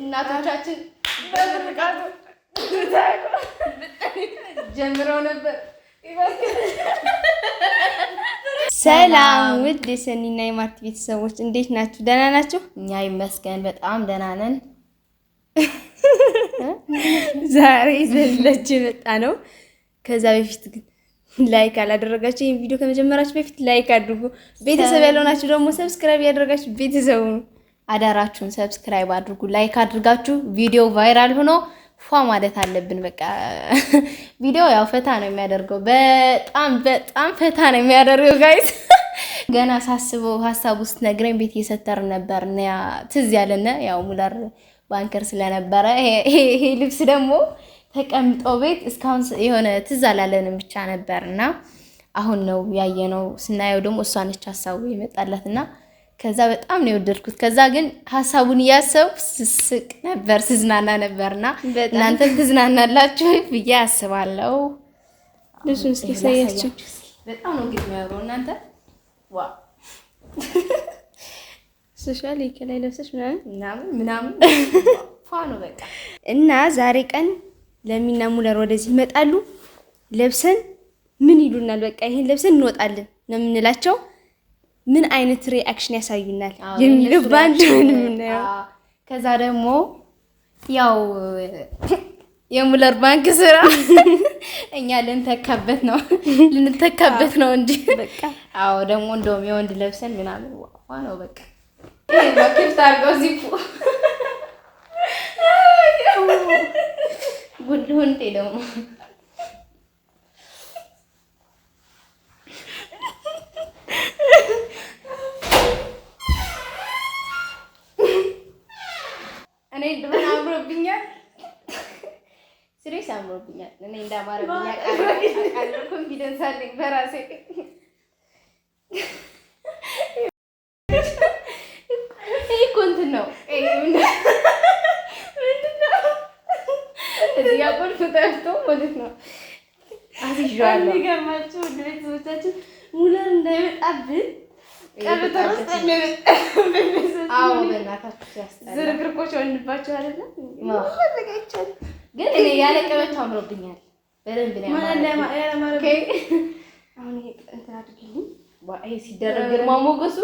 እናቶቻችን ጀምረው ነበር። ሰላም ውድ የሰኒና የማርት ቤተሰቦች እንዴት ናችሁ? ደህና ናችሁ? እኛ ይመስገን በጣም ደህና ነን። ዛሬ ዘለች የመጣ ነው። ከዛ በፊት ግን ላይክ አላደረጋችሁ፣ ይህን ቪዲዮ ከመጀመራችሁ በፊት ላይክ አድርጉ። ቤተሰብ ያልሆናችሁ ደግሞ ሰብስክራይብ ያደረጋችሁ ቤተሰቡ አዳራችሁን ሰብስክራይብ አድርጉ፣ ላይክ አድርጋችሁ ቪዲዮ ቫይራል ሆኖ ፏ ማለት አለብን። በቃ ቪዲዮ ያው ፈታ ነው የሚያደርገው፣ በጣም በጣም ፈታ ነው የሚያደርገው ጋይስ። ገና ሳስበው ሀሳብ ውስጥ ነግረኝ ቤት እየሰተርን ነበር ትዝ ያለነ ያው ሙላር ባንከር ስለነበረ ይሄ ልብስ ደግሞ ተቀምጦ ቤት እስካሁን የሆነ ትዝ አላለንም ብቻ ነበር እና አሁን ነው ያየነው። ስናየው ደግሞ እሷ ነች ሀሳቡ የመጣላት እና ከዛ በጣም ነው የወደድኩት። ከዛ ግን ሀሳቡን እያሰብ ስስቅ ነበር ስዝናና ነበርና እናንተም ትዝናናላችሁ ብዬ አስባለሁ። ልብሱን እስኪ ሳያችሁ በጣም ነው እንግዲህ የሚያምረው እናንተ ስሻል ከላይ ለብሰሽ ምናምን ምናምን ምናምን ፋኖ በቃ። እና ዛሬ ቀን ለሚና ሙለር ወደዚህ ይመጣሉ። ለብሰን ምን ይሉናል? በቃ ይሄን ለብሰን እንወጣለን ነው የምንላቸው። ምን አይነት ሪአክሽን ያሳዩናል የሚለው በአንድ ምን የምናየው። ከዛ ደግሞ ያው የሙለር ባንክ ስራ እኛ ልንተካበት ነው ልንተካበት ነው እንጂ። አዎ ደግሞ እንደውም የወንድ ለብሰን ምናምን ዋ ነው በቃ ክፍት አድርገው ዚፑ ጉድ ሁንቴ ደግሞ እኔ እንደሆነ አምሮብኛል። ስሬስ አምሮብኛል። እኔ እንዳማረብኛ ኮንፊደንስ አለኝ በራሴ ነው እዚህ ጋ ቁልፍ ጠፍቶ ማለት ነው። አስይዤዋለሁ። የሚገርማችሁ ውድ ቤተሰቦቻችን ሙለር እንዳይመጣብን ዝርግርቆች ወንባቸው አይደለም። ግን እኔ ያለ ቀበቶ አምሮብኛል በደንብ ነው። ሲደረግ ግርማ ሞገሱ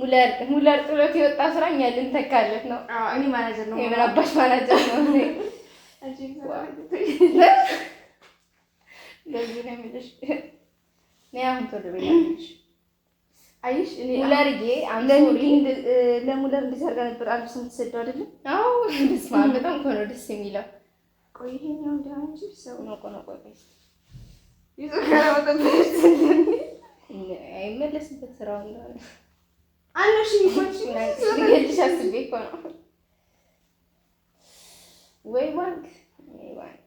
ሙለር ሙለር ጥሎት የወጣ ስራ እኛ ልንተካለት ነው። አዎ እኔ ማናጀር ነው። የምን አባሽ ማናጀር ነው? እኔ ለዚህ ነው እኔ አሁን አይሽ እኔ ሙለርዬ፣ ለሙለር እንዲሰርጋ ነበር አልብስ የምትሰደው አይደለም? አዎ ደስማ በጣም እኮ ደስ የሚለው። ቆይ ይሄኛው እንዳንቺ ሰው ነው። ቆይ ቆይ ይዞ ካላ ወጣ አይመለስበት ስራው እንደሆነ ልሽ አስቤ ነው። ወይ ባንክ ወይ ባንክ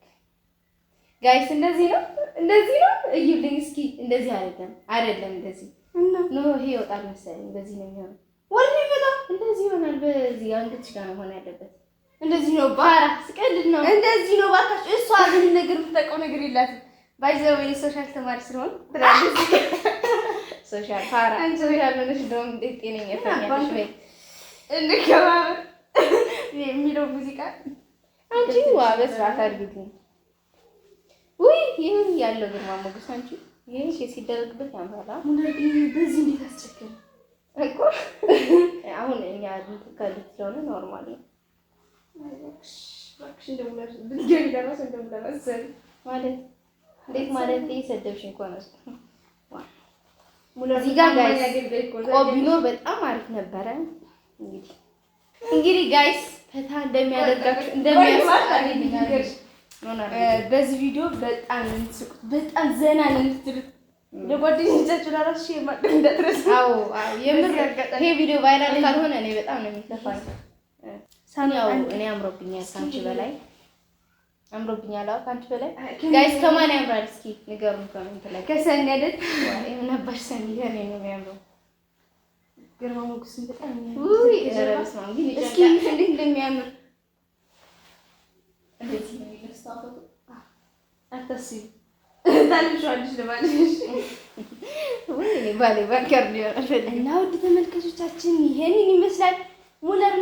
ጋይስ፣ እንደዚህ ነው እንደዚህ ነው። እዩልኝ እስኪ እንደዚህ አይደለም አይደለም፣ እንደዚህ ኖ፣ ይሄ ይወጣል መሰለኝ። በዚህ ነው የሚሆነው። ወልኔ በጣም እንደዚህ ይሆናል። በዚህ አንገትሽ ጋር ነው መሆን ያለበት። እንደዚህ ነው። ባህራ ስቀልድ ነው። እንደዚህ ነው። እባካችሁ እሷ ምን ነገር የምታውቀው ነገር የላትም። ባይዘው የሶሻል ተማሪ ስለሆን ሶሻል ፋራ ሶሻል ነሽ ደም እንዴት ጤነኛ ፈኛሽ ወይ እንከባ የሚለው ሙዚቃ አንቺ ዋ በስርዓት አድርጊ። ውይ ይህ ያለው ግርማ ሞገስ አንቺ ይሄ ሲደረግበት ያምራል። በዚህ እንዴት አስቸገረ እኮ አሁን እኛ ከልት ስለሆነ ኖርማል ነው። ማለት እንዴት ማለት ሰደብሽ እንኳን እዚህ ቢኖር በጣም አሪፍ ነበረ። እንግዲህ እንግዲህ ጋይስ ፈታ እንደሚያደርጋችሁ እንደሚያስፈልግ በዚህ ቪዲዮ በጣም የምትስቁት በጣም ዘና ነው ለጓደኞቻችሁ ለራሱ የማድረግ እንዳትረሱ። አዎ፣ የምር ይሄ ቪዲዮ ቫይራል ካልሆነ እኔ በጣም ነው የሚከፋኝ። ሳኒ ያው እኔ አምሮብኛል ከአንቺ በላይ አምሮብኛል። አዎ ከአንቺ በላይ ጋይስ፣ ከማን ያምራል? እስኪ ንገሩን ኮሜንት ላይ። ከሰኒ አይደል? ነበር ሰኒ ነው የሚያምረው። ግርማ በጣም ውይ፣ ነው ግን እስኪ እንዴት እንደሚያምር እንዴት ነው አታስቢ። ለማለሽ ወይ ባሌ ነው እና ውድ ተመልካቾቻችን ይሄንን ይመስላል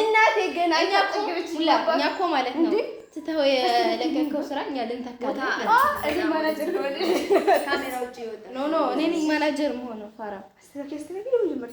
እናቴ ገና እኛ እኮ ማለት ነው ትተው የለቀቀው ስራ እኛ ልንተካለን። እኔ ማናጀር መሆን ፋራ ፋራ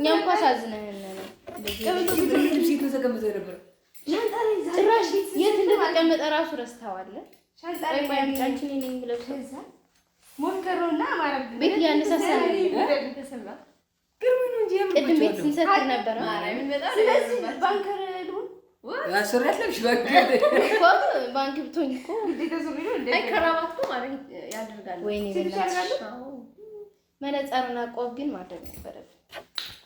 እኛ እንኳ ሳዝነን ጭራሽ የት እንደተቀመጠ ራሱ ረስተዋለን። ጫንችን ኔ የሚለብሰው ቤት እያነሳሳን ቤት ስንሰጥር ነበረ። ባንክ ብትሆኝ እኮ ወይኔ መነጸርና ቆብ ግን ማድረግ ነበረብን።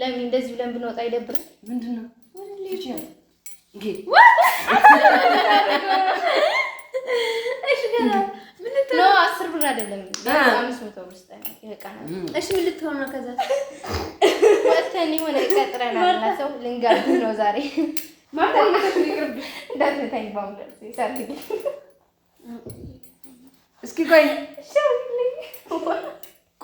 ለምን እንደዚህ ብለን ብንወጣ ይደብራል? ምንድን ነው አስር ብር አይደለም አምስት መቶ ብር እሺ፣ ምን ልትሆን ነው? ከዛ ወጥተን የሆነ ቀጥረናል ሰው ልንጋብዝ ነው ዛሬ እስኪ ቆይ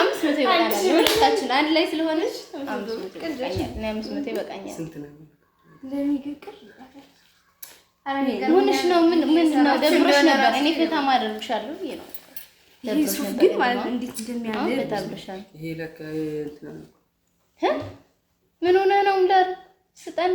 አምስት መቶ ይበቃናል። ሁለታችን አንድ ላይ ስለሆነች አምስት መቶ ይበቃኛል። ምንሽ ነው? ምንድን ነው? ደብሮሽ ነበር? እኔ ፈታ ማደርግሻለሁ ብዬሽ ነው። ደብሮሽ ነበር። ምን ሆነህ ነው? ሙላር ስጠን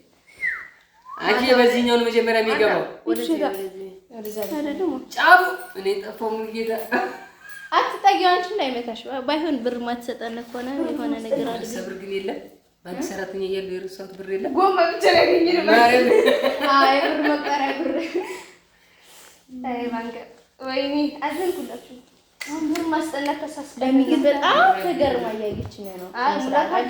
አንቺ ነው መጀመሪያ የሚገባው ጫፉ እኔ ጠፋው። ጌታ አትጠጊው፣ አንቺ እንዳይመታሽ። ባይሆን ብር ማትሰጠን ከሆነ የሆነ ነገር አለ። ብር ግን የለም። ባንክ ሰራተኛ እያለሁ የረሳሁት ብር የለም። ጎማ ብቻ ላይ ገኝ ብር መቀሪያ ብር ወይኔ አዘንኩላችሁ። ምን ብር ተሳስ ለሚግል በጣም ተገርማ ነው። አሁን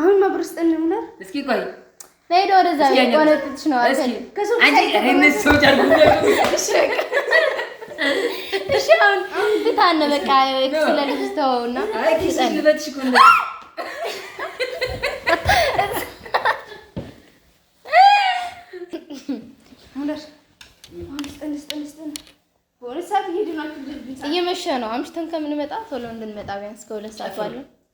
አሁን መብር ውስጥ እንምለር እስኪ ቆይ ነይዶ ወደዛ ቆለጥች ነው አይደል? ከሱ አንቺ አይነት ሰው ጫርኩ በቃ እየመሸ ነው። አምሽተን ከምንመጣ ቶሎ እንድንመጣ ቢያንስ ከሁለት ሰዓት ባለው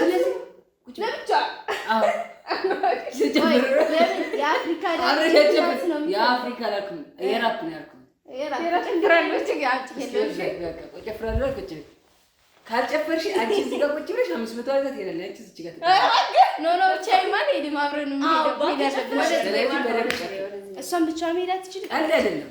ስለዚህ የአፍሪካ ላልኩ የራፕ ነው ያልኩ ካልጨፈርሽ አንቺ እዚህ ጋር ቁጭ ብለሽ አምስት መቶ አለት ትሄዳለሽ። አንቺ እዚህ ጋር ኖ ኖ ብቻዬን አልሄድም። አብረን እሷን ብቻ መሄድ አትችልም።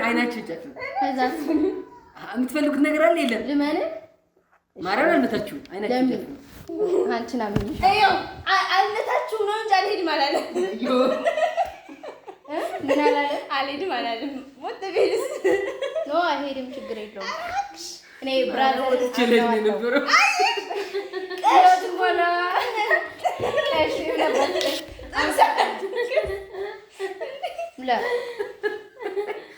አይናችን የምትፈልጉት ነገር አለ የለም? ልመን ማርያም አልመታችሁ አይናችሁ አንቺን አምኜሽ አልመታችሁም ነው እንጂ አልሄድም አላለም። አልሄድም አላለም። ሞት ቤልስ ኖ አልሄድም፣ ችግር የለውም። እኔ ብራዘር ችለኝ ነበር ቀሽ ነበር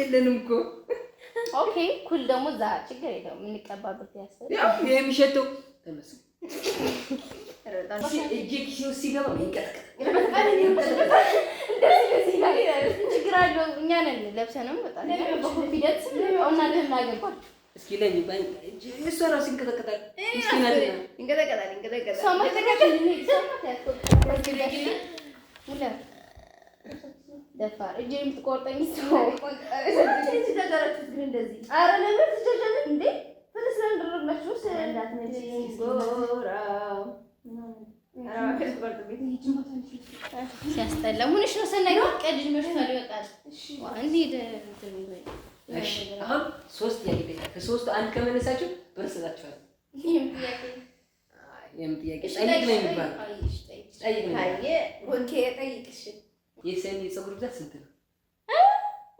የለንም እኮ ኦኬ ኩል ደግሞ እዛ ችግር የለውም። የምንቀባበት ያሰብ የሚሸተው እጄ ኪሴ ውስጥ ይንቀጠቀጣል ደፋር እጄ የምትቆርጠኝ ሲያስጠላ ሁንሽ ነው። ሰናይ ቀድጅ መሽቷ ይወጣል። አሁን ሶስት ያቄ ከሶስቱ አንድ ከመለሳችሁ ብር ስላችኋል። ይህም ጥያቄ ጠይቅ ነው የሚባለው። ጠይቅ ነው ጠይቅ የሰኒ የፀጉር ብዛት ስንት ነው?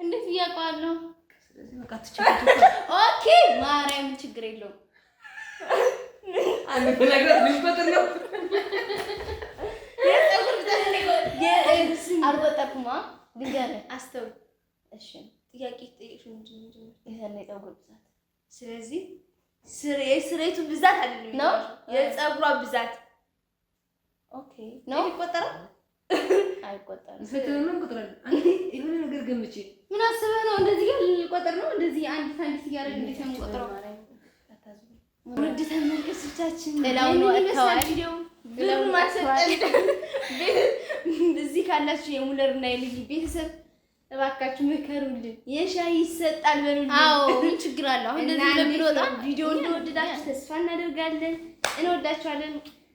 እንዴት እያውቀዋለሁ? ኦኬ፣ ማርያም ችግር የለውም። አንድ ነገር ልጅ ቁጥር ነው የፀጉር ብዛት ነው። አልቆጠርኩማ። ድንገት አስተው። እሺ፣ ጥያቄ ጠይቅሽ ምንድን ነው? የሰኒ የፀጉር ብዛት ስለዚህ ስሬ ስሬቱ ብዛት አይደለም ነው የፀጉሯ ብዛት ኦኬ ነው ይቆጠራል አይቆጠርም። ስትምም ቁጥር የሆነ ነገር ገምቼ ምን አስበህ ነው እንደዚህ ልቆጥር ነው? እንደዚህ አንድ ሳንዲስ እያደረግን እንዴት ነው የምቆጥረው? ውድ ተመልካቾቻችን ሌላውን ወጥተዋል። ብሩን ማሰጠን እዚህ ካላችሁ የሙለር እና የልጅ ቤተሰብ እባካችሁ መከሩልን። የሻይ ይሰጣል በሉልን። አዎ ምን ችግር አለው? አሁን እንደዚህ ለሚወጣ ቪዲዮ እንደወደዳችሁ ተስፋ እናደርጋለን። እንወዳችኋለን።